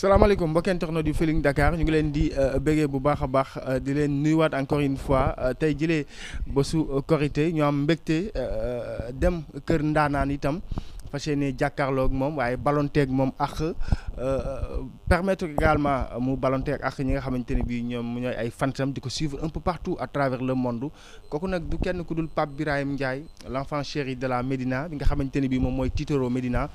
salaamaaleykum mbokki internet yu Feeling Dakar ñu ngi leen di euh, bëggee bu baax a baax euh, di leen nuyuwaat encore une fois euh, tey jëlee bésu Korité ñu am mbégte dem kër ndaanaan itam fas ne jàkkaarloog moom waaye balonteeg moom ak permettre également mu balonteeg ak ñi nga xamante ne bii ñoom ñooy ay fansam di ko suivre un peu partout à travers le monde kooku nag du kenn ku dul Pape Birahim Ndiaye l' enfant de la Médina bi nga xamante ne bii moom mooy tiitoro Médina.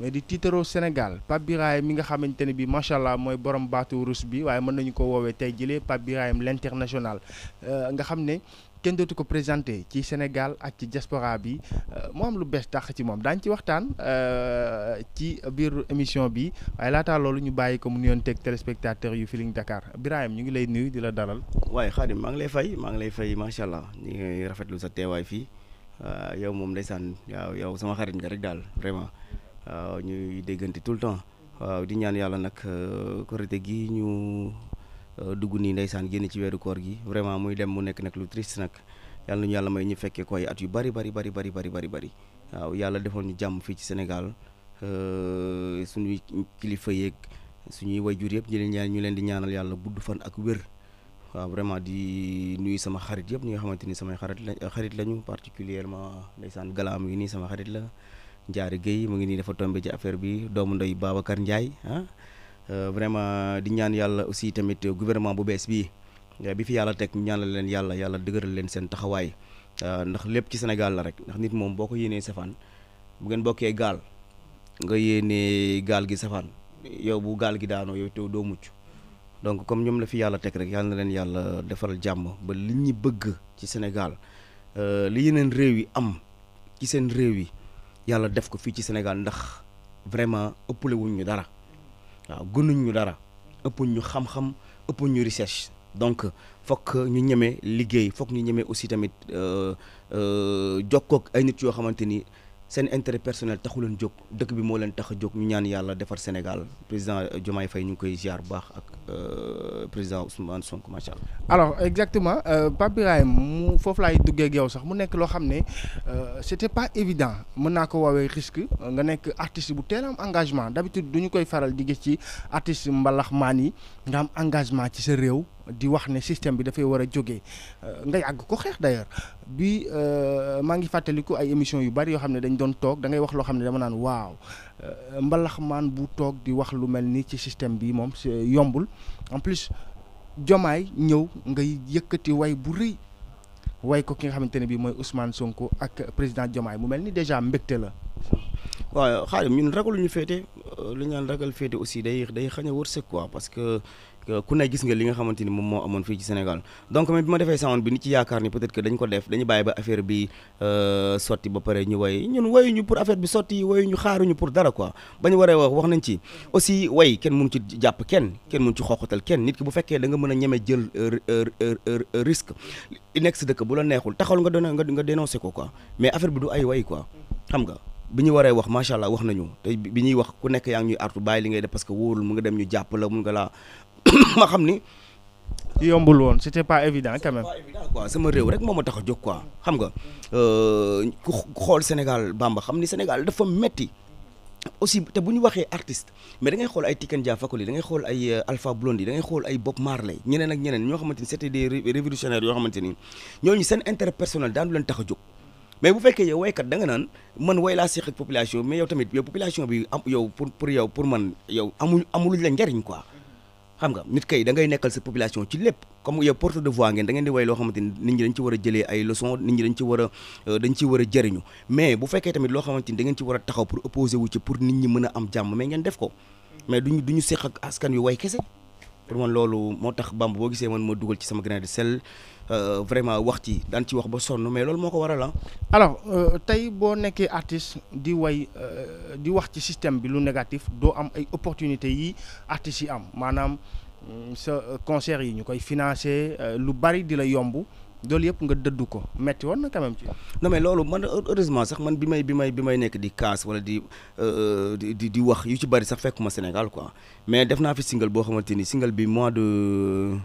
mais di tiitaroo Sénégal Pape Birahim mi nga xamante ne bi macha allah mooy borom baatu rus bi waaye mën nañu ko woowee tey jëlee Pape Birahim l'international euh, nga xam ne kenn dootu ko présenté ci Sénégal ak ci diaspora bi euh, moom lu bees tax ci moom daañu ci waxtaan euh, ci biir émission bi waaye laataa loolu ñu bàyyi ko mu nuyoon teg téléspectateur yu Feeling Dakar Birahim ñu ngi lay nuyu di la dalal. waaye Xaadim maa ngi lay fay maa ngi lay fay macha allah ñu rafetlu sa teewaay fii yow moom ndeysaan waaw yow sama xarit rek daal vraiment. waaw ñuy déggante tout le temps waaw di ñaan yàlla nag euh, korite gi ñu euh, dugg nii ndeysaan génn ci weeru koor gi vraiment muy dem mu nekk nag lu triste nag yàlla ñu yàlla may ñu fekkee koy at yu bari bari bari bari bari bari bari waaw yàlla defal ñu jàmm fii ci Sénégal euh, suñuy kilifa yeeg suñuy wayjur yëpp ñu leen ñu leen di ñaanal yàlla gudd fan ak wér waaw vraiment di nuyu sama xarit yëpp ñi nga xamante ni samay xarit la xarit lañu particulièrement ndeysaan galaam yi nii sama xarit la Ndiary Guèye mu ngi nii dafa tombé ci affaire bi doomu ndoy Babacar Ndiaye ah euh, vraiment di ñaan yàlla aussi tamit gouvernement bu bees bii euh, bi fi yàlla teg ñaanal leen yàlla yàlla dëgëral leen seen taxawaay euh, ndax lépp ci Sénégal la rek ndax nit moom boo ko yéenee safaan bu ngeen bokkee gaal nga yéenee gaal gi safaan yow bu gaal gi daanoo yow te doo mucc donc comme ñoom la fi yàlla teg rek yàlla na leen yàlla defal jàmm ba li ñu bëgg ci senegal li yeneen réew yi am ci seen réew yi. yàlla def ko fii ci Sénégal ndax vraiment ëppale wuñ ñu dara waaw gënuñ ñu dara ëppuñ ñu xam-xam ëppuñ ñu recherche donc fokk ñu ñeme liggéey fokk ñu ñemee aussi tamit euh, euh, jokkook ay nit yoo xamante ni seen intérêt personnel taxu leen jóg dëkk bi moo leen tax a jóg ñu ñaan yàlla defar Sénégal président Diomaye fay ñu ngi koy ziar bu baax ak euh, président Ousmane Sonko macha alors exactement euh, Pape Birahim mu foofu laay duggee yow sax mu nekk loo xam ne euh, c'était pas évident mën naa ko woowee risque nga nekk artiste bu teel am engagement d'habitude du ñu koy faral di ci artiste mbalax maan yi nga am engagement ci sa réew. di wax ne système bi dafay war a jóge euh, ngay àgg ko xeex d'ailleurs bi euh, maa ngi fàttaliku ay émissions yu bari yoo xam ne dañ doon toog dangay wax loo xam ne dama naan waaw euh, mbalaxmaan bu toog di wax lu mel ni ci système bi moom yombul en plus jomaay ñëw ngay yëkkati way bu rëy way ko ki nga xamante ne bii mooy Ousmane Sonko ak président Jomaay mu mel ni déjà mbégte la. waaw xaaral lu ñu féete lu ñu naan ragal féete aussi day day xañ a wërsëg parce que. Euh, ku ne gis nga li nga xamante ni moom moo amoon fii ci Sénégal donc même bi ma defee sound bi ni ci yaakaar ni peut ko dañu bàyyi ba affaire bi euh, sotti ba pare ñu way ñun wayuñu pour affaire bi sotti wayuñu xaaruñu pour dara quoi bañu waree wax wax nañ ci aussi way kenn mun ci jàpp kenn kenn mun ci xooxatal kenn nit ki bu fekkee da nga mën a ñeme jël euh, risque nekk si dëkk bu la neexul taxal nga doon nga dénoncé ko quoi mais affaire bi du ay way quoi xam nga bi wax macha allah wax nañu te wax ku nekk yaa ngi ñuy ngay def parce que wóorul nga dem ñu jàpp la mun nga ma xam ni yombul woon c'était pas évident quand pas évident quoi sama réew rek moom a tax a jóg quoi xam nga euh, ku xool Sénégal Bamba xam ni Sénégal dafa metti aussi te bu ñu waxee artiste mais da ngay xool ay Tiken Jah Fakoly da ngay xool ay euh, Alpha Blondy da xool ay Bob Marley ñeneen ak ñeneen ñoo xamante ni c'était des révolutionnaires yoo xamante ni ñooñu seen intérêt personnel daanu leen tax a jóg. mais bu fekkee yow waykat da nga naan man way laa seq ak population yow tamit yow population bi am yow pour pour yow pour man yow amul amuluñ la njariñ quoi. xam nga nit kay da ngay nekkal sa population ci lépp comme yow porte de voix ngeen da di way loo xamante ni nit ñi a jëlee ay leçon nit ñi dañ ci war a dañ euh, a jëriñu mais bu fekkee tamit loo xamante ni da ngeen ci war a taxaw pour opposer wu ci pour nit ñi mën am jàmm mais ngeen def ko mais duñu duñu seq ak askan wi way kese pour man loolu moo tax bamb boo gisee man ma dugal ci sama grain de sel euh, vraiment wax ci daan ci wax ba sonn mais loolu moo ko waral ah. alors euh, tey boo nekkee artiste di way euh, di wax ci système bi lu négatif doo am ay opportunités yi artistes yi am maanaam mm, sa concert yi ñu koy financer lu bari di la yomb. loolu yëpp nga dëddu ko metti woon na quand ci non loolu man heureusement sax man bi may bi may bi may nekk di kaas wala di euh, euh, di di wax yu ci bari sax fekkuma Sénégal quoi mais def fi single boo xamante ni single bi mois de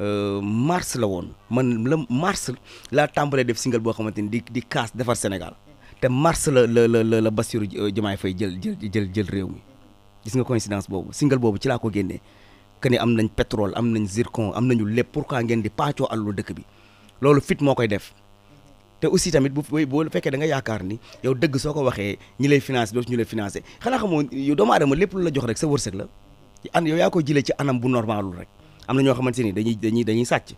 euh, mars la woon man la mars laa tàmbalee def single boo xamante ni di di kaas defar Sénégal te mars la la la la Bassirou Diomaye Faye jël jël jël réew mi gis nga coïncidence boobu single boobu ci laa ko génnee que ni am nañ pétrole am nañ zircon am nañu lépp pourquoi ngeen di paacoo àllu dëkk bi loolu fit moo koy def te aussi tamit bu boo fekkee da nga yaakaar ni yow dëgg soo ko waxee ñi lay financé dootu ñu lay finance xanaa xamoo yow doomu aadama lépp lu la jox rek sa wërsëg la an yow ci anam bu normalul rek am na ñoo xamante ni dañuy dañuy dañuy sàcc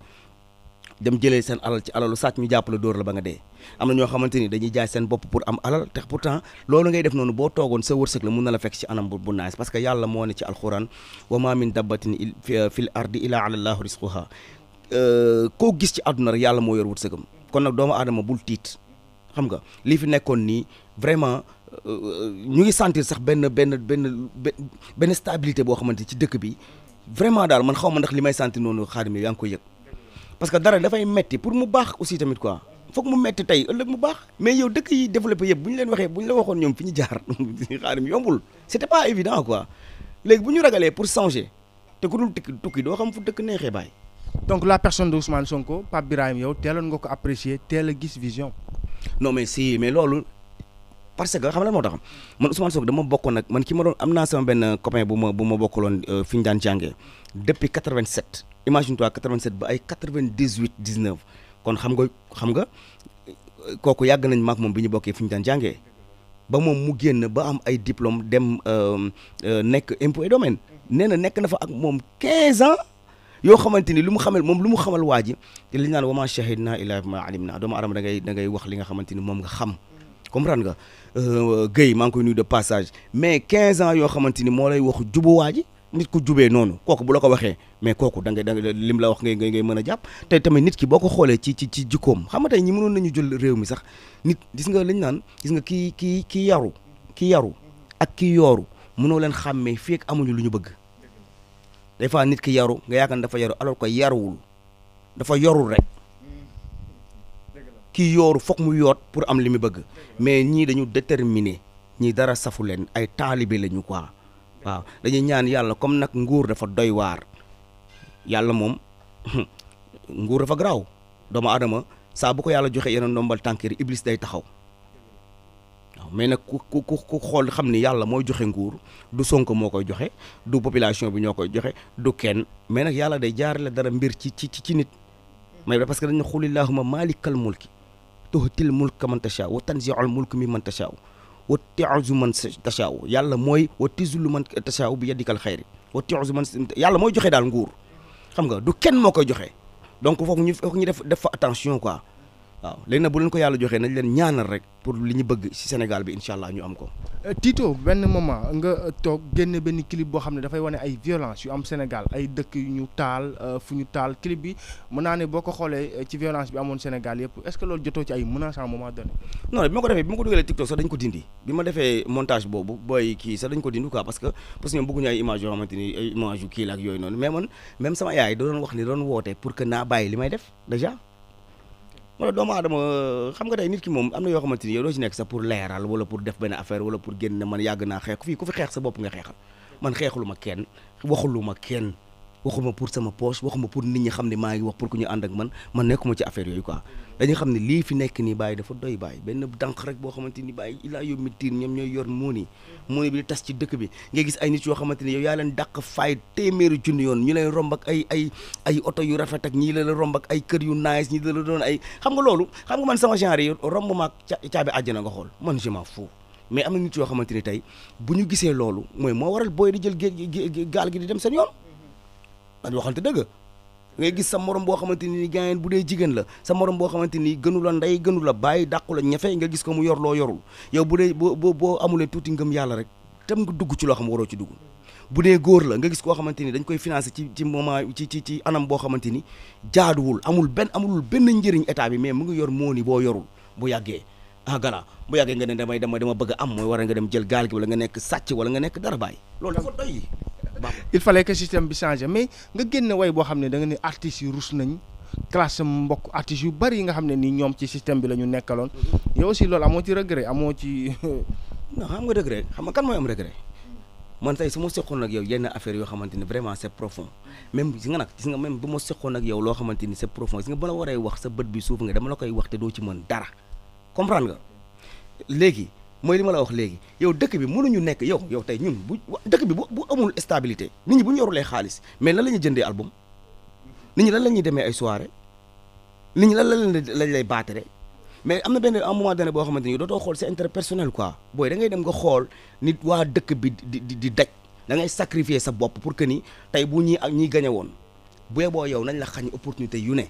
dem jëlee seen alal ci alalu sàcc ñu jàppale dóor la ba nga dee ñoo xamante ni dañuy jaay seen bopp pour am alal te pourtant loolu boo toogoon sa wërsëg la mun na la fekk ci anam bu bu naas parce que yàlla moo ne ci alxuraan wa ma min dabbatin fil ardi illa ala allah risquha Euh, koo gis ci àdduna rek yàlla moo yor wërsëgam kon nag doomu aadama bul tiit xam nga li fi nekkoon nii vraiment euh, ñu ngi sentir sax benn benn benn benn stabilité boo xamante ci dëkk bi vraiment daal man xaw ma ndax li may sentir noonu xaadim yaa ngi koy yëg parce que dara dafay metti pour mu baax aussi tamit quoi foog mu metti tey ëllëg mu baax mais yow dëkk yi développé yëpp bu ñu leen waxee bu ñu la waxoon ñoom fi ñu jaar xaadim yombul c'était pas évident bu ñu ragalee pour changer te ku dul tukki doo xam fu dëkk neexee baay donc la personne de Ousmane Sonko Pape Birahim yow teeloon nga ko apprécier teel a gis vision. non mais si mais loolu parce que xam la moo tax man Ousmane Sonko ma bokkoon nag man ki ma doon am naa sama benn copain bu ma bu ma bokkaloon euh, fi ñu daan jàngee depuis 87 imagine toi 87 ba ay 98 19 kon xam nga xam nga euh, kooku yàgg nañ maak moom bi ñu bokkee fi ñu daan jàngee. ba moom mu génn ba am ay diplôme dem euh, nekk impôt et domaine nee na nekk na fa ak moom 15 ans. yoo xamante ni lu mu xamal moom lu mu xamal waa ji te li ñu naan wama shahidna illa ma alim na doomu adama da ngay da ngay wax li nga xamante ni moom nga xam comprendre nga euh, Guèye maa ngi de passage mais 15 ans yoo xamante ni moo lay wax jubu waa ji nit ku jubee noonu kooku bu la ko waxee mais kooku da nga da nga lim la wax ngay ngay ngay mën a jàpp te tamit nit ki boo ko xoolee ci ci ci jikkoom xam nga tey ñi mënoon nañu jël réew mi sax nit gis nga liñ naan gis nga kii kii kii yaru kii yaru ak kii yooru mënoo leen xàmmee fii ak amuñu lu ñu bëgg des fois nit ki yaru nga yaakaar ne dafa yaru alors que yaruwul dafa yorul rek kii yooru foog mu yoot pour am li mu bëgg mais ñii dañu déterminer ñii dara safu leen ay taalibe lañu quoi waaw dañuy ñaan yàlla comme nag nguur dafa doy waar yàlla moom nguur dafa garaaw doomu adama saa bu ko yàlla joxe yeneen ndombal tànkiri iblis day taxaw mais nag ku ku ku xool xam ni yàlla mooy joxe nguur du Sonko moo koy joxe du population bi ñoo koy joxe du kenn mais nag yàlla day jaarale dara mbir ci ci ci nit. mais parce que dañu xul illahuma maalikal mulki tuxtil mulka man tashaa wa tanziul mulk mi man tashaa wa ti'zu man tashaa yàlla mooy wa tizulu man tashaa bi yadikal xayri wa ti'zu man yàlla mooy joxe daal nguur xam nga du kenn moo koy joxe donc foofu ñu foofu ñu def def fa attention quoi. waaw léegi nag bu leen ko yàlla joxee nañ leen ñaanal rek pour li ñu bëgg ci Sénégal bi incha allah ñu am ko. Euh, Tito benn moment nga euh, toog génn benn clip boo xam ne dafay wane ay violence yu am ay dëkk yu ñu taal euh, ñu taal clip bi mën naa ne boo ko xoolee ci violence bi amoon Sénégal yëpp est-ce que loolu jotoo ci ay menaces à un moment donné. ma ko defee bi ma dañ ko dindi bi ma defee montage boobu booy kii sax dañ ko dindi quoi parce parce que ñoom bëgguñu ay images yoo ay images yu kii la ak yooyu noonu mais man même sama yaay da doon wax ni doon woote pour que naa bàyyi li may def déjà ma doomu aadama euh, xam nga tey nit ki moom am na yoo xamante ni yow doo ci nekk sax pour leeral wala pour def benn affaire wala pour génn man yàgg naa xeex fii ku fi xeex sa bopp nga xeexal man xeexlu ma kenn waxulu ma kenn waxuma pour sama poche waxuma pour nit ñi xam ne maa ngi wax pour que ñu ànd ak man man nekkuma ci affaire yooyu quoi dañu xam ne lii fi nekk nii bàyyi dafa doy bàyyi benn dànq rek boo xamante ni bàyyi ilaa yow mi ñoom ñooy yor muuni muuni bi di tas ci dëkk bi nga gis ay nit yoo xamante ni yow yaa leen dàq faay téeméeri junni yoon ñu lay romb ak ay ay ay oto yu rafet ak ñii la la romb ay kër yu nice ñi la doon ay xam nga loolu xam nga man sama genre yi romb maag caabi àjjana nga xool man je m'en fous mais am nit yoo xamante ni tey bu ñu gisee loolu mooy moo waral booy di jël gaal gi di dem seen yoon dañ waxante dëgg ngay gis sa morom boo xamante ni gaayeen bu dee jigéen la sa morom boo xamante ni gënu la ndey gënu la bàyyi dàqu la ñafe nga gis ko mu yor loo yorul yow bu dee boo boo amulee tuuti ngëm yàlla rek tam nga dugg ci loo xam waroo ci dugg bu dee góor la nga gis koo xamante ni dañ koy financé ci ci moment ci ci ci anam boo xamante ni jaaduwul amul benn amulul benn njëriñ état bi mais mu ngi yor mooni boo yorul bu yàggee ah gala bu yàggee nga ne damay dama dama bëgg am mooy war nga dem jël gaal gi wala nga nekk sàcc wala nga nekk dara bàyyi loolu dafa doy il fallait que système bi changé mais nga génn way boo xam ne da nga ne artistes yi rus nañ classe mbokk artistes yu bari yi nga xam ne ni ñoom ci système bi la ñu nekkaloon mhm. yow aussi loolu amoo ci régré amoo ci non xam nga regret xam nga kan mooy am regret man tey su ma seqoon ak yow yenn affaire yoo xamante ni vraiment c'est profond même gis nga nag gis nga même bu ma seqoon ak yow loo xamante ni c'est profond gis nga ba la waree wax sa bët bi suuf nga dama la koy wax doo ci mën dara comprendre nga mooy li ma la wax léegi yow dëkk bi mënuñu nekk yow yow tey ñun bu dëkk bi bu bu amul stabilité nit ñi bu ñorulee xaalis mais lan la ñuy jëndee album nit ñi lan la ñuy demee ay soirée nit ñi lan la lañ lay rek mais am na benn am moment donné boo xamante ni dootoo xool c'est interpersonnel quoi booy da dem nga xool nit waa dëkk bi di di di daj da ngay sacrifier sa bopp pour que ni tey bu ñii ak ñiy gañe woon bee boo yow nañ la xañ opportunité yu ne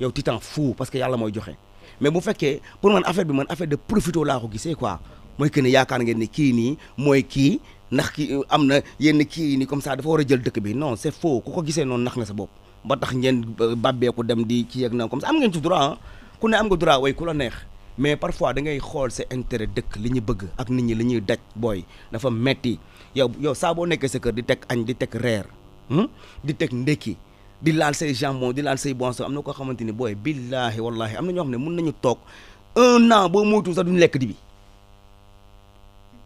yow titan fou parce que yàlla mooy joxe mais bu fekkee pour man bi man affaire de profito laa ko gisee quoi mooy que ne yaakaar ngeen ni kii nii mooy kii ndax kii euh, am na yenn kii nii comme ça dafa war a jël dëkk bi non c'est faux ku ko gisee noonu nax nga sa bopp ba tax ngeen babbeeku dem di ci yeg na ko am ngeen ci droit ah. ku ne am nga droit way ku la neex mais parfois da ngay xool sa intérêt dëkk li ñu bëgg ak nit ñi li ñuy daj booy dafa metti yow yow saa boo nekkee sa kër di teg añ di teg reer hmm? di teg ndekki di laal say jambon di laal say boisson am na koo xamante ni booy billaahi wallaahi am na ñoo xam ne mun nañu toog un an bo moytu sax duñu lekk di bi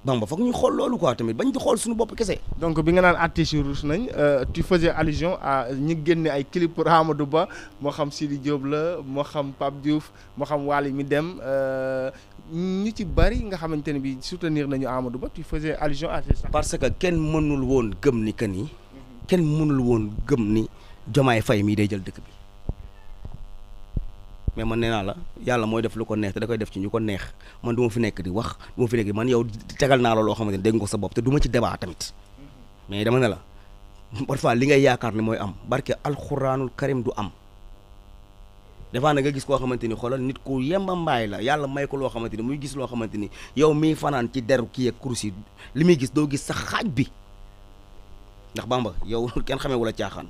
donc ba foog ñu xool loolu quoi tamit bañ di xool suñu bopp kese. donc bi nga naan artistes yi ruus nañ euh, tu faisais allusion à ñu génne ay clip pour Amadou Ba moo xam Sidi Diop la moo xam Pape Diouf moo xam Waly mi dem euh, ñu ci bari nga xamante ne bi soutenir nañu Amadou Ba tu faisais allusion à parce que kenn mënul woon gëm ni que ni. kenn mënul woon gëm ni Diomaye fay mii day jël dëkk bi. mais man nee naa la yàlla mooy def lu ko neex te da koy def ci ñu ko neex man du ma fi nekk di wax du ma fi nekk man yow tegal naa la loo xamante ne dégg nga ko sa bopp te du ma ci débat tamit mais dama ne la parfois li ngay yaakaar ne mooy am barke alxuraanul karim du am des fois na nga gis koo xamante ni xoolal nit ku yemba mbaay la yàlla may ko loo xamante ni muy gis loo xamante ni yow miy fanaan ci deru kii ak kursi li muy gis doo gis sa xaaj bi ndax yow kenn xamee wala caaxaan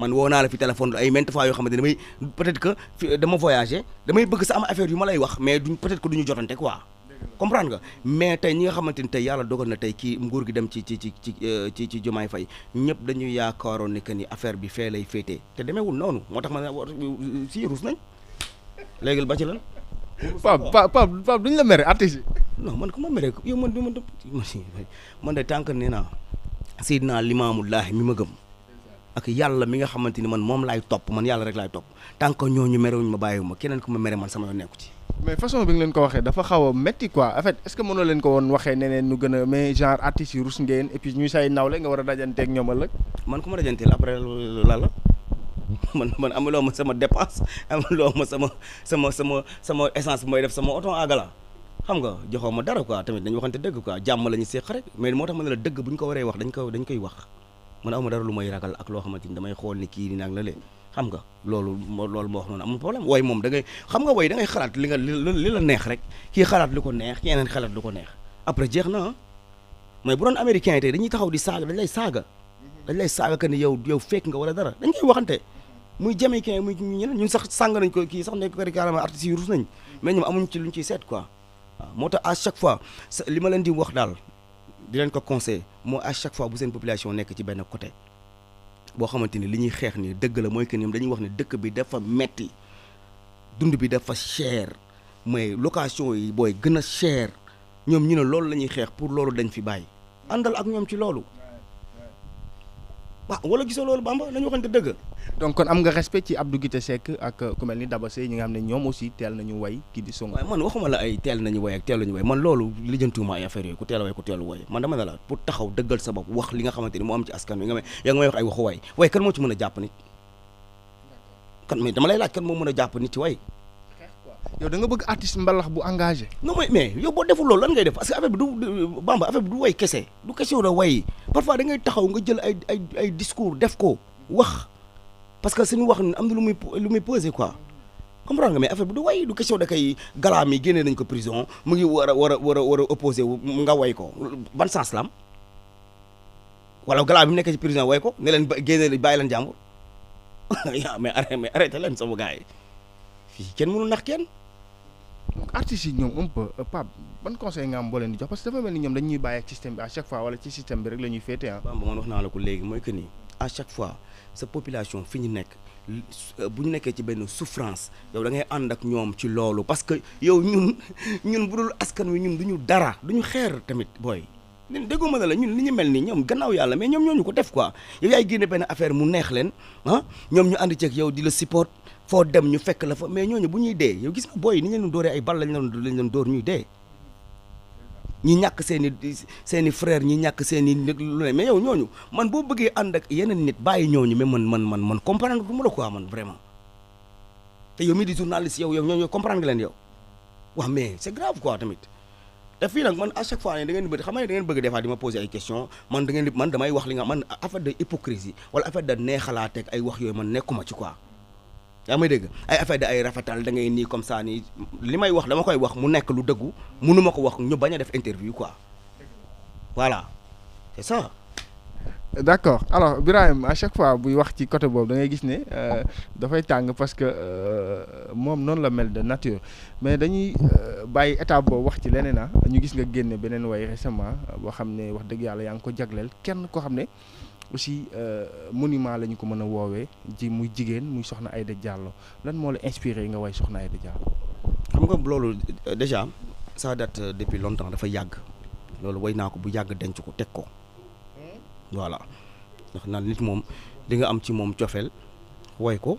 man woo naa la fi téléphone ay maintes fois yoo xamante damay peut-être que dama voyagé damay bëgg sa am affaire yu ma lay wax mais du peut-être que duñu jotante quoi comprendre nga mais tey ñi nga xamante ni tey yàlla dogal na tey kii nguur gi dem ci ci ci ci euh, ci ci Diomaye Faye ñëpp dañuy yaakaaroon ni que ni affaire bi fee lay féetee te demeewul noonu moo tax ma si ruus nañ léegi ba ci lan. Pape Pape Pape duñ la mere artiste non man ku ma mere yow man man de tànk nee naa Seydina Limaamu Laahi mi ma gëm. ak yàlla mi nga xamante ni man moom laay topp man yàlla rek laay topp tant que ñooñu merewuñ ma bàyyiwu ma keneen ku ma mere man sama yoon nekku ci mais façon bi nga leen ko waxee dafa xaw a métti quoi en fait est ce que mënoo ko a mais a dajanteeg ma dajanteel après la la man man amuloo ma sama dépense amuloo ma sama sama sama sama essence bu may def sama oto àgala xam nga joxoo ma dara quoi tamit dañu waxante dëgg quoi jàmm la ñu seeq rek mais moo tax ma ne la dëgg bu ñu ko waree wax dañ ko dañ koy wax man awma dara lu may ragal ak loo xamante ni damay xool ni kii ni nag la leen xam nga loolu loolu moo wax noonu amul problème waaye moom da ngay xam nga way da ngay xalaat li nga li la neex rek kii xalaat lu ko neex keneen xalaat lu ko neex après jeex na ah. mais bu doon américain yi tey dañuy taxaw di saaga dañ lay saaga dañ lay saaga que ni yow yow fekk nga wala dara dañ koy waxante muy jamaïcain muy ñeneen ñun sax sàng nañ ko kii sax nekk kari carrément artistes yi rus nañ mais ñoom amuñ ci luñ ciy seet quoi waaw moo à chaque fois li ma leen di wax daal di leen ko conseil moo à chaque fois bu seen population nekk ci benn côté boo xamante ni li ñuy xeex ni dëgg la mooy que ni dañuy wax ne dëkk bi dafa metti dund bi dafa cher mais location yi booy gën a cher ñoom ñu ne loolu la ñuy xeex pour loolu dañ fi bàyyi àndal ak ñoom ci loolu waaw wala gisoo loolu Bamba nañu waxante dëgg. donc kon am nga respect ci Abdou Guité Seck ak ku mel ni Daba Seye ñi nga xam ne ñoom aussi teel nañu way kii di song. waaye man waxuma la ay teel nañu way ak teeluñu way man loolu lijjantuwuma ay affaire yooyu teel a way ku teelu way man dama ne la dama lay laaj moo mën a jàpp nit ci way yow da nga bëgg artiste mbalax bu engagé non mais mais yow boo deful loolu lan ngay def parce que affaire bi du Bamba affaire bi du way kese du kese la way parfois da ngay taxaw nga jël ay ay ay discours def ko wax parce que suñu wax am na lu muy lu muy posé quoi comprendre nga mais affaire bi du way du question da koy galaam yi génnee nañ ko prison mu ngi war war a war a war a nga way ko ban sens la am wala galaam mu nekk ci prison way ko ne leen génne bàyyi leen jàmbur mais arrêté mais arrêté leen sama gars yi fii kenn mënu nax kenn. donc artistes yi ñoom un peu euh, ban conseil nga am boo leen di jox parce que dafa mel ni ñoom dañuy bàyyi ak système bi à chaque fois wala ci système bi rek la féete ah. Bamba man wax naa la ko léegi mooy que ni à chaque fois sa population fi ñu nekk euh, bu ñu nekkee ci benn souffrance yow da ngay ànd ak ñoom ci loolu parce que yow ñun ñun bu dul askan wi ñun du ñu dara du ñu xeer tamit booy. ñun dégguma la la ñun li ñu mel nii ñoom gannaaw yàlla mais ñoom ñoo ñu ko def quoi yow yaay génne benn affaire mu neex leen ah? ñoom ñu ànd ceeg yow di la support. foo dem ñu fekk la fa mais ñooñu bu ñuy dee yow gis nga booy ni ñu leen dóoree ay bal lañ leen lañ ñuy dee ñi ñàkk seen i seen i frère ñi ñàkk seen i nit lu ne mais yow ñooñu man boo bëggee ànd ak yeneen nit bàyyi ñooñu mais man man man man comprendre du ma la quoi man vraiment te yow mii di journaliste yow yow ñooñu comprendre nga leen yow wax c'est grave quoi tamit te fii nag man à chaque fois ne da ngeen bëgg xam di ma poser ay questions man damay wax li nga man affaire de hypocrisie wala affaire de neexalaateeg ay wax yooyu man nekkuma ci quoi yaa may dégg ay affaire ay rafetal dangay nii comme ça nii li may wax dama koy wax mu nekk lu dëggu munu ko wax ñu bañ a def interview quoi voilà c'est ça. d'accord alors Birahim à chaque fois buy wax ci côté boobu da ngay gis ne euh, dafay tàng parce que euh, moom noonu la mel de nature mais dañuy euh, bàyyi étape boobu wax ci leneen ah ñu gis nga génne beneen way récemment boo xam ne wax dëgg yàlla yaa ngi ko jagleel kenn koo xam ne. aussi euh, monument la ñu ko mën a woowee ji muy jigéen muy soxna ay da Diallo lan moo la inspiré nga way soxna Aïda Diallo. xam nga loolu euh, déjà ça date euh, depuis longtemps dafa yàgg loolu woy naa ko bu yàgg denc ko teg ko voilà ndax naan nit moom di nga am ci moom cofeel way ko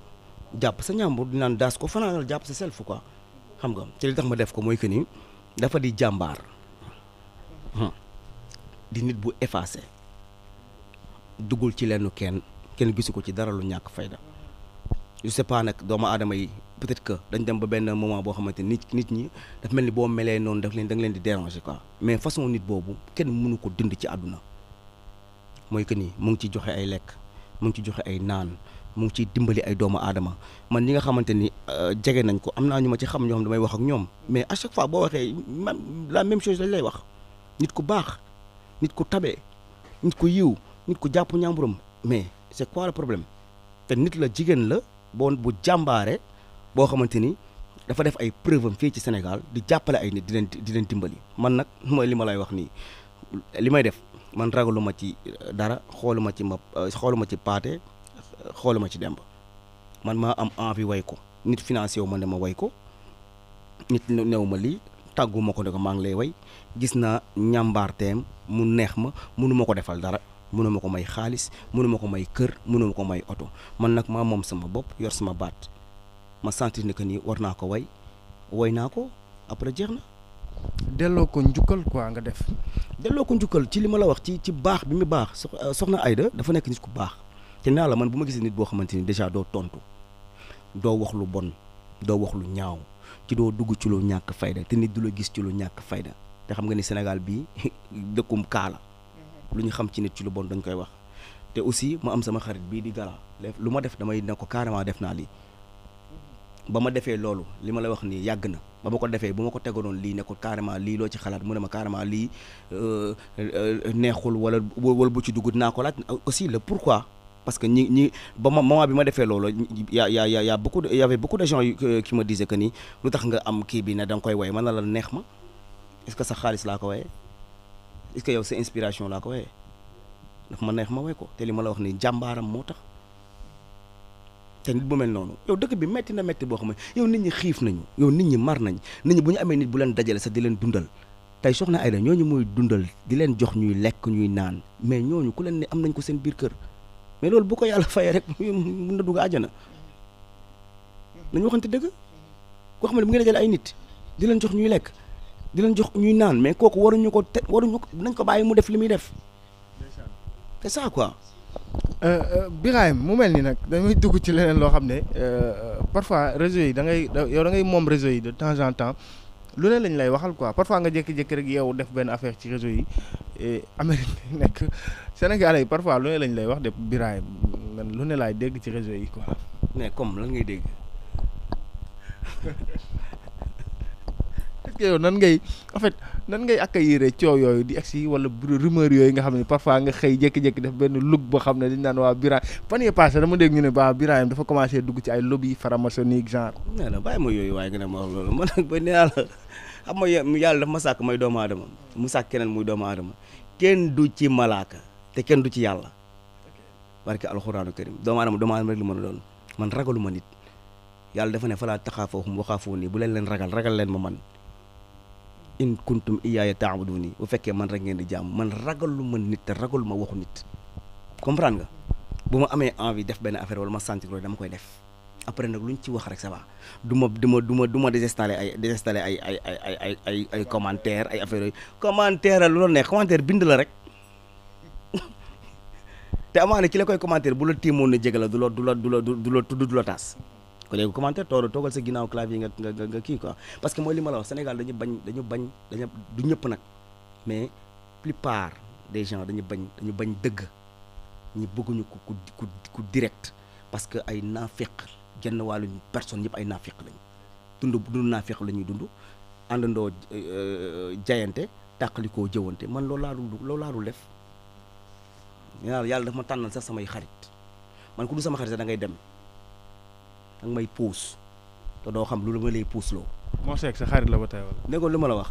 jàpp sa ñàmbur di naan daas ko fanaanal jàpp sa self ko xam nga ci li tax ma def ko mooy que nii dafa di jàmbaar hmm. di nit bu effacé. duggul ci lenn kenn kenn gisu ko ci dara lu ñàkk fayda je sais pas nag doomu aadama yi peut-être que dañ dem ba benn moment boo xamante nit nit ñi daf mel ni boo melee noonu daf leen da leen di déranger quoi mais façon nit boobu kenn mënu ko dund ci àdduna mooy que nii mu ngi ci joxe ay lekk mu ngi ci joxe ay naan mu ngi ciy dimbali ay doomu aadama man ñi nga xamante ni euh, jege nañ ko am naa ñu ma ci xam ñoo xam damay wax ak ñoom mais à chaque fois boo waxee la même chose lañ lay wax nit ku baax nit ku tabe ku yiw nit ku jàpp ñàmburam mais c'est quoi le problème te nit la jigéen la boo bu jàmbaare boo xamante ni dafa def ay preuve am fii ci Sénégal di jàppale ay nit di leen dimbali man nag mooy li ma lay wax nii li may def man ragaluma ci euh, dara xooluma ci ma euh, xooluma ci paate euh, xooluma ci demb man maa am envie way ko nit financé wu ma ne ma way ko nit new ma lii tàggu ko ne ko maa ngi lay way gis naa ñàmbaarteem mu neex ma mënu ko defal dara mënuma ko may xaalis mënuma ko may kër mënuma ko may oto man nag maa moom sama bopp yor sama baat ma sentir ne que nii war naa ko way woy naa ko après jeex na. delloo ko njukkal quoi nga def. delloo ko njukkal ci li ma la wax ci ci baax bi mu baax euh, soxna Aida dafa nekk nit ku baax te naa la man bu ma gisee nit boo xamante ni déjà doo tontu doo wax lu bon doo wax lu ñaaw ci doo dugg ci ñàkk fayda te nit du la gis ci lu ñàkk fayda xam nga ni Sénégal bii dëkkum kaala lu ñu xam ci nit ci lu bon dañ koy wax te aussi ma am sama xarit bii di gala lu ma def damay ne ko carrément def naa lii ba ma defee loolu li ma la wax nii yàgg na ba ma ko defee bu ma ko tegoonoon lii ne ko carrément lii loo ci xalaat mu ne ma carrément lii euh, euh, neexul wala wala bu ci dugg naa ko laaj aussi le pourquoi parce que ñi ñi ba ma moment bi ma defee loolu yaa yaa yaa yaa beaucoup de y avait beaucoup de gens euh, qui me disaient que ni lu tax nga am kii bi ne da nga koy woy man na la neex ma est-ce que sa xaalis laa ko woyee est-ce que yow sa inspiration laa ko woyee daf ma neex ma woy ko te li ma la wax nii jàmbaaram moo tax te nit bu mel noonu yow dëkk bi metti na metti boo xam ne yow nit ñi xiif nañu yow nit ñi mar nañ nit ñi bu ñu amee nit bu leen dajale sax di leen dundal tey soxna Aida ñooñu muy dundal di leen jox ñuy lekk ñuy naan mais ñooñu ku leen ne am nañ ko seen biir kër mais loolu bu ko yàlla fayee rek mun na dugg àjjana nañu waxante dëgg koo xam ne mu ngi dajale ay nit di leen jox ñuy lekk di leen jox ñuy naan mais kooku waruñu ko te waruñu ko nañ ko bàyyi mu def li muy def c'est ça quoi. Euh, euh, Birahim mu mel ni nag damay dugg ci leneen loo xam ne euh, parfois réseau yi da ngay yow da ngay moom réseau yi de temps en temps lu ne lañ lay waxal quoi parfois nga jékki-jékki rek yow def benn affaire ci réseau yi Amérique nekk Sénégalais yi parfois lu ne lañ lay wax de Birahim man lu ne laay dégg ci réseau yi quoi. mais comme lan ngay dégg. que nan ngay en nan ngay accueillir coow yooyu di agsi wala rumeur yooyu nga xam ne parfois nga xëy jékki-jékki def benn look boo xam ne dañ naan waa Birahim fan yii passé dama dégg ñu ne waa Birahim dafa commencé dugg ci ay lobby franc-maçonnique genre. nee na waaye nga ne ma wax loolu yàlla xam nga dafa ma sàkk may doomu aadama mu sàkk keneen muy doomu adama kenn du ci malaaka te kenn du ci yàlla barke alxuraanu karim doomu aadama doomu aadama rek lu ma a doon man ragalu ma nit yàlla dafa ne falaa taxaafoohum waxaafoo nii bu leen leen ragal ragal leen ma man in kuntum iyaaya taabuduni bu fekkee man rek ngeen di jaamu man ragalu ma nit te ragalu ma waxu nit comprendre nga bu ma amee envie def benn affaire wala ma sentir loolu dama koy def après nag lu ñu ci wax rek ça va du ma du ma du ma du ma désinstaller ay désinstaller ay ay ay ay ay ay commentaire ay affaire yooyu commentaire lu la neex commentaire bind la rek te amaana ki la koy commentaire bu la téemoon na jégal la du la du la du la du la tudd du la taas ko léegi commentaire tool toogal sa ginnaaw clavier nga nga nga parce que mooy li ma la wax Sénégal bañ dañu du ñëpp nag mais plupart des gens dañu bañ dañu bañ dëgg ñi bëgguñu ku ku ku direct parce que ay naafeq genn wàllu personne ñëpp ay naafeq lañ dund dund naafeq la ñuy dund àndandoo euh, jayante tàqalikoo jëwante man loolu laa dul loolu def yàlla yàlla daf ma tànnal sax samay xarit man ku du sama xarit sax da ngay dem danga may pouse te doo xam lu la ma lay pouse loo. moo seeg sa xarit la ba tey wala. déggoo ma la wax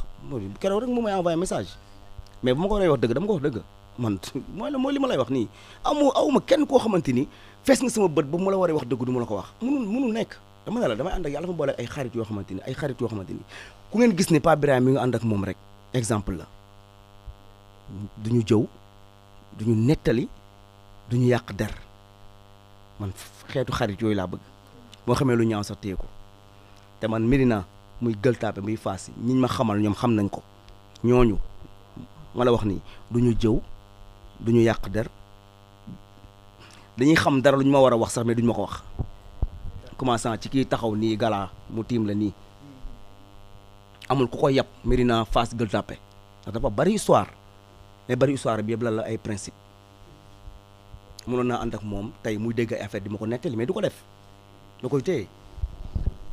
keroog rek mu may envoyé message mais bu ma ko lay wax dëgg dama ko wax dëgg li ma lay wax nii amu awma kenn koo xamante ni fees nga sama bët ba mu la waree wax dëgg du ma la ko wax munul munul nekk dama ne la damay ànd ak yàlla ma boole ay xarit yoo xamante ni ay xarit yoo xamante ni ku ngeen gis ni Pape Birahim mi nga ànd ak moom rek exemple la duñu jëw duñu nettali du duñu yàq der man xeetu xarit yooyu laa bëgg boo xamee lu ñaaw sax téye ko te man Médina muy Gueule Tapée muy Fass yi ñi ma xamal ñoom xam nañ ko ñooñu ma la wax nii du ñu jëw du ñu yàq der dañuy xam dara lu ñu ma war a wax sax mais duñu ma ko wax commençant ci kii taxaw nii galaa mu tiim la nii amul ku ko yàpp Médina Fass Gueule Tapée ndax dafa bari histoire mais bari histoire bi yëpp la la ay principe mënoon naa ànd ak moom tey muy dégg affaire di ma ko nettali mais du ko def la koy téye.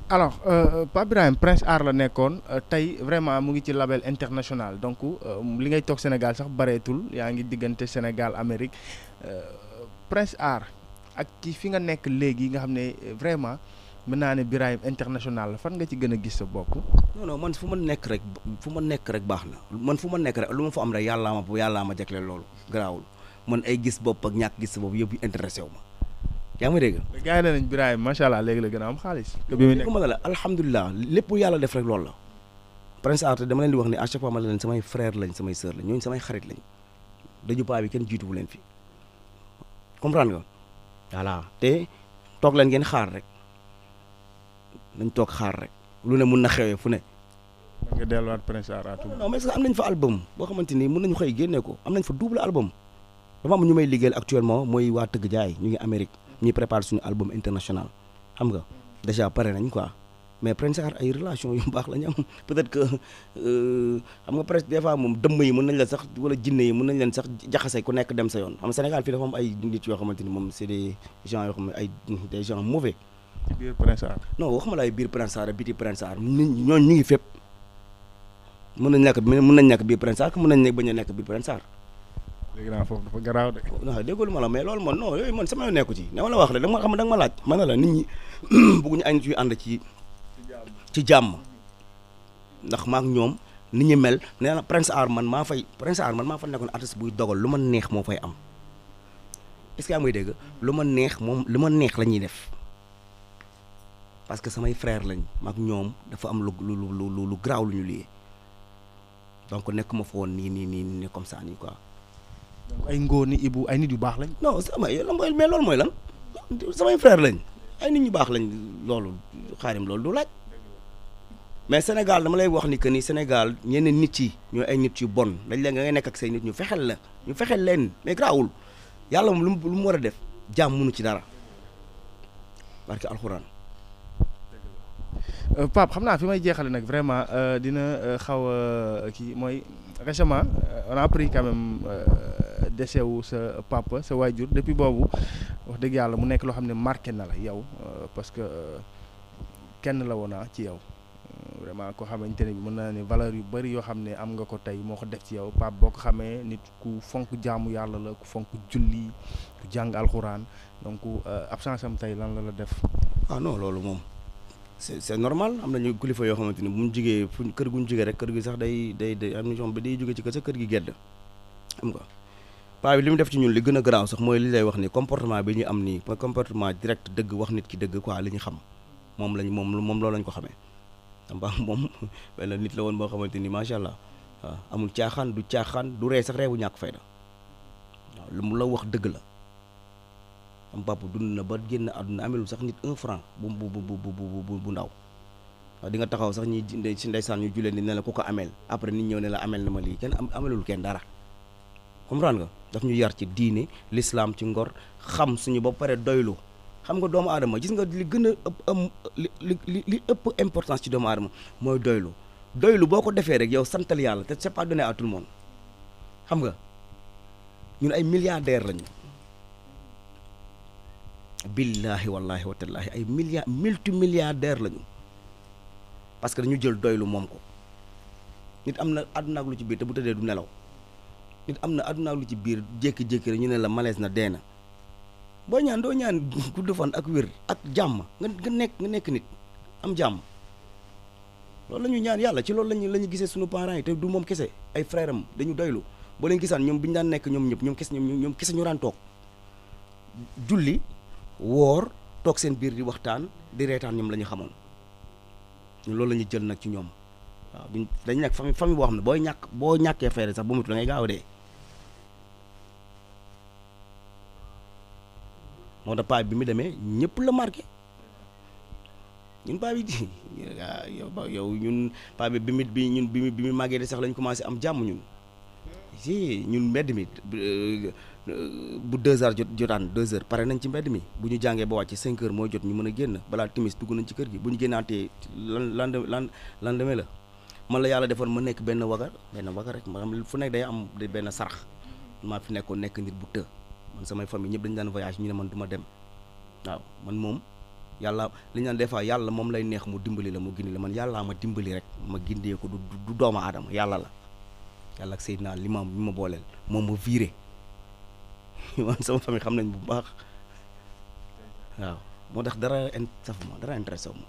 alors euh, Pape Birahim Prince Art la nekkoon euh, tey vraiment mu ngi ci label international donc euh, li ngay toog Sénégal sax bareetul yaa ngi diggante Sénégal Amérique euh, Prince Art ak ci fi nga nekk léegi nga xam ne vraiment mën naa ne Birahim international la fan nga ci gën a gis sa bopp. non man fu ma nekk rek fu ma nekk rek baax na man fu ma nekk rek lu ma fa am rek yàllaa ma yàllaa ma jagleel loolu garaawul man ay gis bopp ak ñàkk gis sa bopp yëpp intéressé wu ma. yaa ngi dégg. mais gars yi nee nañ Birahim macha allah léegi la gën a am xaalis. te la alhamdulilah lépp yàlla def rek loolu la. Prince Art dama leen di wax ne a chaque fois ma ne leen a frère lañ samay sœur lañ ñooñu samay xarit lañ daju paa bi kenn jiituwu leen fi comprendre nga voilà te toog leen ngeen xaar rek nañ toog xaar rek lu ne mun na xewee fu ne. delluwaat Prince Art que am nañ fa album boo xamante ni mën nañu xëy génne ko am nañ fa double album dafa am ñu may liggéeyal actuellement mooy waa Tëgg Jaay ñu ngi Amérique. ñuy préparé suñu album international xam nga déjà pare nañ quoi mais Prince ay relation yu baax la ñu am peut-être que euh, xam nga presque des fois moom dëmm yi mën nañ la sax wala jinne yi mën nañ leen sax jaxase ku nekk dem sa yoon xam Sénégal fii dafa am ay nit yoo xamante ni moom c'est des gens yoo xam ne ay des gens mauvais. biir Prince Art. non waxuma la ay biir Prince Art biti Prince Art ñooñu ñu ngi fépp mën nañ nekk nañ nekk biir Prince Art mën nañ nekk bañ nekk biir Prince Art léegi naa foofu dafa garaaw de. non ma la mais loolu man non yooyu man sama yoon nekku ci ne ma la wax rek da nga xam da nga la nit bëgguñu ay nit yu ci ci jàmm ndax maak ñoom ni ñu mel nee na Prince man maa fay Prince Art man maa fa nekkoon artiste buy dogal lu ma neex moo fay am est dégg lu ma neex moom lu ma neex la ñuy def parce que samay frère lañ maak ñoom dafa am lu lu lu lu garaaw lu ñu liyee nekk ma fa woon nii nii nii nii comme ça nii quoi. ay ngóor ni Ibou ay nit yu baax lañ. non sama yow lan mee loolu mooy lan samay frère lañ ay nit ñu baax lañ loolu xaarim loolu du laaj mais Sénégal dama lay wax ni que ni Sénégal ñenn nit yi ñooy ay nit yu bon dañ la nga nekk ak say nit ñu fexel la ñu fexel leen mais garaawul yàlla moom lu mu lu mu war a def jaam mënu ci dara barke alxuraan. Euh, Pape xam naa fi may jeexale nag vraiment euh, dina euh, xaw a kii mooy. récemment euh, on a appris quand même euh, décès wu sa papa sa waajur depuis boobu wax dëgg yàlla mu nekk loo xam ne marqué na la yow euh, parce que kenn la woon ah, ci yow vraiment koo xamante ne bi mën naa ne valeur yu bëri yoo xam ne am nga ko tey moo ko def ci yow pap boo ko xamee nit ku fonk jaamu yàlla la ku fonk julli ku jàng alxuraan donc absence am tey lan la la def. ah loolu moom. c'est c'est normal am nañu kulifa yoo xamante ni mu jigee fu kër gu ñu jigee rek kër gi sax day day day am na ñoo xam day jóge ci kër kër gi gedd xam nga paa bi li mu def ci ñun li gën a garaaw sax mooy li lay wax ni comportement bi ñu am nii mooy comportement direct dëgg wax nit ki dëgg quoi li ñu xam moom lañ moom moom loolu lañ ko xamee damba moom benn nit la woon boo xamante ni macha allah waaw amul caaxaan du caaxaan du ree sax ree bu ñàkk fayda waaw lu mu la wax dëgg la am papa dund na ba génn àdduna amelul sax nit un franc bu bu bu bu bu ndaw waaw di nga taxaw sax ñi si ndeysaan ñu julee ni ne la ku ko ameel après nit ñëw ne la ameel na ma lii kenn am amelul kenn dara comprendre nga daf ñu yar ci diine l'islam ci ngor xam suñu ba pare doylu xam nga doomu aadama gis nga li gën a ëpp am li li ëpp importance ci doomu aadama mooy doylu doylu boo ko defee rek yow santal yàlla te c'est pas donné à tout le monde xam nga ñun ay milliardaires lañu billaahi wallaahi watallaahi ay milliard multi milliardaire lañu parce que dañu jël doylu moom ko nit am na àdduna ak lu ci biir te bu tëddee du nelaw nit am na àdduna lu ci biir jékki-jékki rek ñu ne la malaise na dee na boo ñaan doo ñaan gudd fan ak wér ak jàmm nga nga nekk nga nekk nit am jàmm lool la ñu ñaan yàlla ci loolu lañu la ñu gisee suñu parents yi te du moom kese ay frère am dañu doylu boo leen gisaan ñoom bi ñu daan nekk ñoom ñëpp ñoom kese ñoom ñoom kese ñu daan toog julli woor toog seen biir di waxtaan di reetaan ñoom la xamoon loolu la ñu jël nag ci ñoom waaw duñ dañ nekk famille famille boo xam ne booy ñàkk boo ñàkkee fayda sax ba mutu da ngay gaaw a moo tax paa bi mu demee ñëpp la marqué ñun paa bi yow ñun paa bi bi mit ñun bi bi mu màggee de sax lañ commencé am jàmm ñun si ñun mbedd mi bu deux heures jot jotaan deux heures pare nañ ci mbedd mi bu ñu jàngee ba wàcc cinq heures mooy jot ñu mën a génn balaa timis dugg nañ ci kër gi bu ñu génnaatee lan lan lan lan demee la man la yàlla defoon ma nekk benn waga benn waga rek ma xam fu nekk day am benn sarax maa fi nekkoon nekk nit bu të man samay famille ñëpp dañ daan voyage ñu ne man du dem waaw man moom yàlla li ñaan naan fois yàlla moom lay neex mu dimbali la mu gindi la man yàllaa ma dimbali rek ma gindee ko du doomu aadama yàlla la yàlla ak Seydina Limaam bi ma booleel moom ma viré. man sama famille xam nañ bu baax waaw moo tax dara in safuma dara intéressé wu ma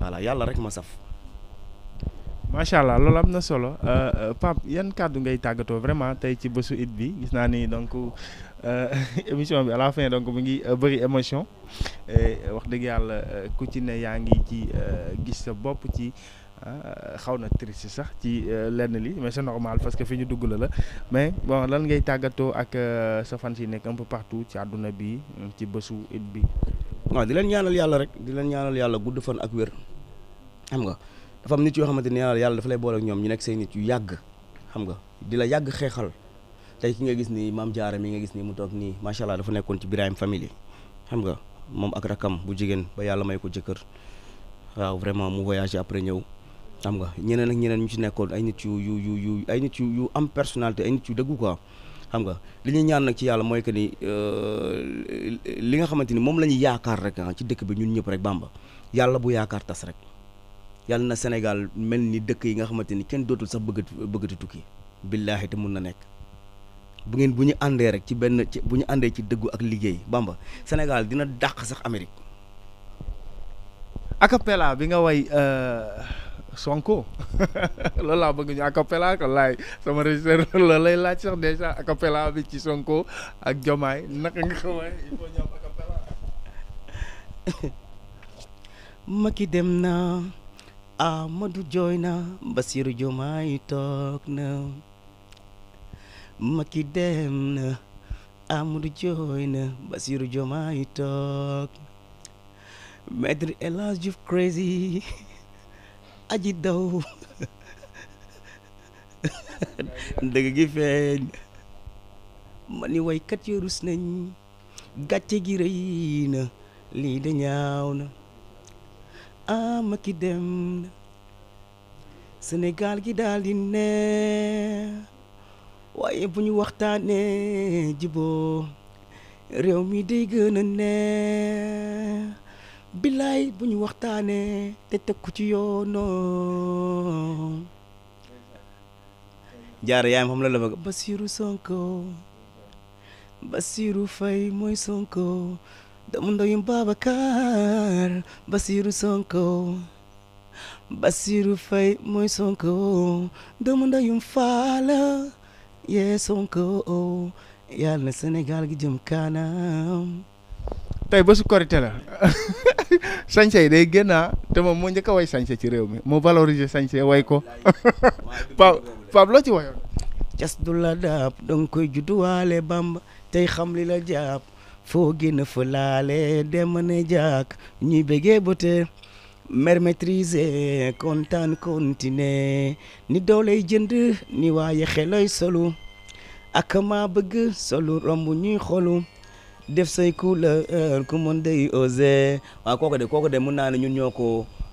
voilà yàlla rek ma saf. macha allah loolu am na solo euh, euh, Pape yan kàddu ngay tàggatoo vraiment tey ci bésu it bi gis naa ni donc euh, émission bi à la fin donc mu ngi bëri émotion wax dëgg yàlla ku ci ne yaa ngi ci gis sa bopp ci. Euh, xaw na triste sax ci euh, lenn li mais c'est normal parce que fi ñu dugg la la mais bon lan ngay tàggatoo ak euh, sa fans yi nekk un peu ci àdduna bi ci bésu it bi. waaw di leen ñaanal yàlla rek di leen ñaanal yàlla gudd fan ak wér xam nga dafa am nit yoo xamante ne yàlla dafa lay ak ñoom ñu nekk say nit yu yàgg xam nga di la yàgg xeexal tey ki nga gis ni maam Diarra mi nga gis ni mu toog nii macha allah dafa nekkoon ci Birahim famille xam nga moom ak rakam bu jigéen ba yàlla may ko jëkkër waaw vraiment mu voyagé après ñëw. xam nga ñeneen ak ñeneen ñu ci nekkoon ay nit yu yu yu yu ay nit yu am personnalité ay nit yu dëggu quoi xam nga li ñuy ñaan nag ci yàlla mooy que ni euh, li nga xamante ni moom la ñuy yaakaar rek ah ci dëkk bi ñun ñëpp rek Bamba yàlla bu yaakaar tas rek yàlla na Sénégal mel ni dëkk yi nga xamante ni kenn dootul sax bëggati bëggati tukki billaahi te mun na nekk bu ngeen bu ñu àndee rek ci benn ci bu ñu àndee ci dëggu ak liggéey Bamba Sénégal dina dàq sax Amérique. Sonko loolu laa bëgg ñu acapella ko laay sama régisseur loolu lay laaj sax déjà acapella bi ci Sonko ak Jomaay naka nga xamay il faut ñu am acapella Macky dem na Amadou jooy na Bassirou Jomaay toog na Macky dem na Amadou na Bassirou Jomaay toog crazy aji daw dëgg gi feeñ ma ni waykat yi nañ gàcce gi rëy na lii de ñaaw na ama ki dem na gi daldi di neex waaye bu ñu waxtaanee jiboo réew mi day gën a neex billaay bu ñu waxtaanee te teg ko ci yoonoo jaara yaayam xam la la bëgg Basiru Sonko Basiru Fay mooy Sonko doomu ndoyum Babacar Basiru Sonko Basiru Fay mooy Sonko doomu ndoyum Faala yee Sonko yàlla na Sénégal gi jëm kanam tey ba su korité la sanche yi day génnaa ah, te moom moo njëkk a way sañse ci réew mi moo valoriser sañse way ko Pape Pape loo ci wayoon cas du la daab danga koy judduwaale bamba tey xam lila la jàpp foo génn fa laale dem ne jàkk ñuy bégee ba te mer maîtrisé kontaan ni dooley jënd ni waaye xelay solu ak ma romb ñuy xolu def say couleur ku mën day osé waaw kooku de kooku de mën naa ne ñun ñoo ko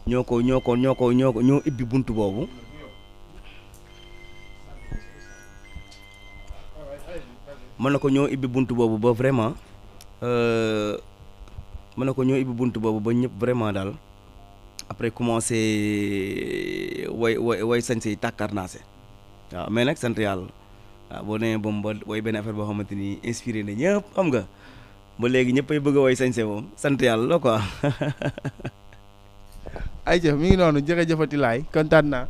ñoo ko ñoo ko ñoo ko ñoo ko ñoo ibbi buntu boobu mën na ko ñoo ibbi buntu boobu ba vraiment euh, mën na ko ñoo ibbi buntu boobu ba ñëpp vraiment daal après commencé way way way sañ si tàkkar naa se waaw mais nag sant yàlla waaw boo nee ba mu ba way benn affaire boo xamante ni inspiré na ñëpp xam nga ba léegi ñëppay bëgg a woy sañse moom sant yàlla la quoi. ay jëf mi ngi noonu jërëjëfati laay kontaan naa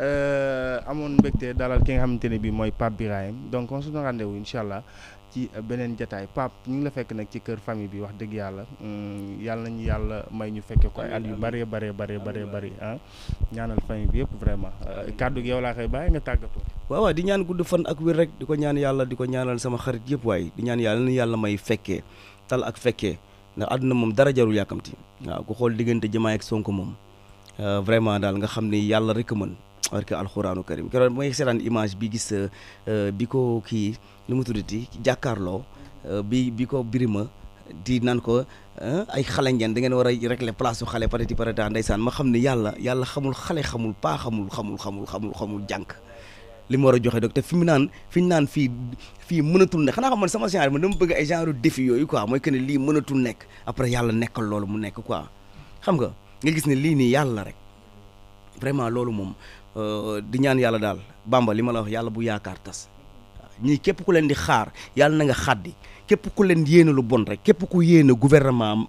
euh, amoon mbégte dalal ki nga xamante ne bii mooy Pape Birahim donc on se donne rendez-vous ci beneen jataay Pape ñu ngi la fekk nag ci kër famille bi wax dëgg yàlla hmm, yàlla nañu yàlla may ñu fekke ko ay at yu bëree bëree bëree bëree bëri ah ñaanal famille bi yëpp vraiment euh, kàddu gi yow laa koy bàyyi nga tàggatoo. waaw di ñaan gudd fan ak wér rek di ko ñaan yàlla di ko ñaanal sama xarit yëpp waaye di yàlla na yàlla may fekkee. tal ak fekkee ndax àdduna moom dara jarul yàkkamti waaw ku xool diggante Diomaye ak sonk moom euh, vraiment daal nga xam ni yàlla rek mën parce alxuraanu karim keroog mooy seetaan image bi gis euh, euh, bi ko kii lu mu ti jàkkaarloo bi bi ko birima di naan ko ay xale ngeen da ngeen war a régler place su xale patati patata ndeysaan ma xam ne yàlla yàlla xamul xale xamul paa xamul xamul xamul xamul xamul jànk li mu war a joxe donc te fi mu naan fi ñu naan fii fii mënatul nekk xanaa xam man sama genre man dama bëgg ay genre défi yooyu quoi mooy que ne lii mënatul nekk après yàlla nekkal loolu mu nekk quoi xam nga nga gis ne lii nii yàlla rek vraiment loolu moom euh, di ñaan yàlla daal bamba li ma la wax yàlla bu yaakaar tas ñii képp ku leen di xaar yàlla na nga xaddi képp ku leen yéene lu bon rek képp ku yéene gouvernement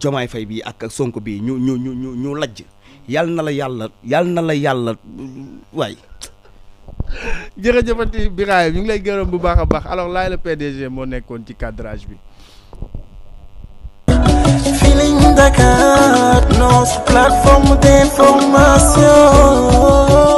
Jomaay euh, euh, Fay bi ak sonk bi ñu ñu ñu ñu lajj yàlla na la yàlla yàlla na la yàlla waay jërëjëfati Birahim ñu ngi lay gërëm bu baax a baax alors laay la PDG moo nekkoon ci cadrage bi. Feeling Dakar, notre plateforme d'information.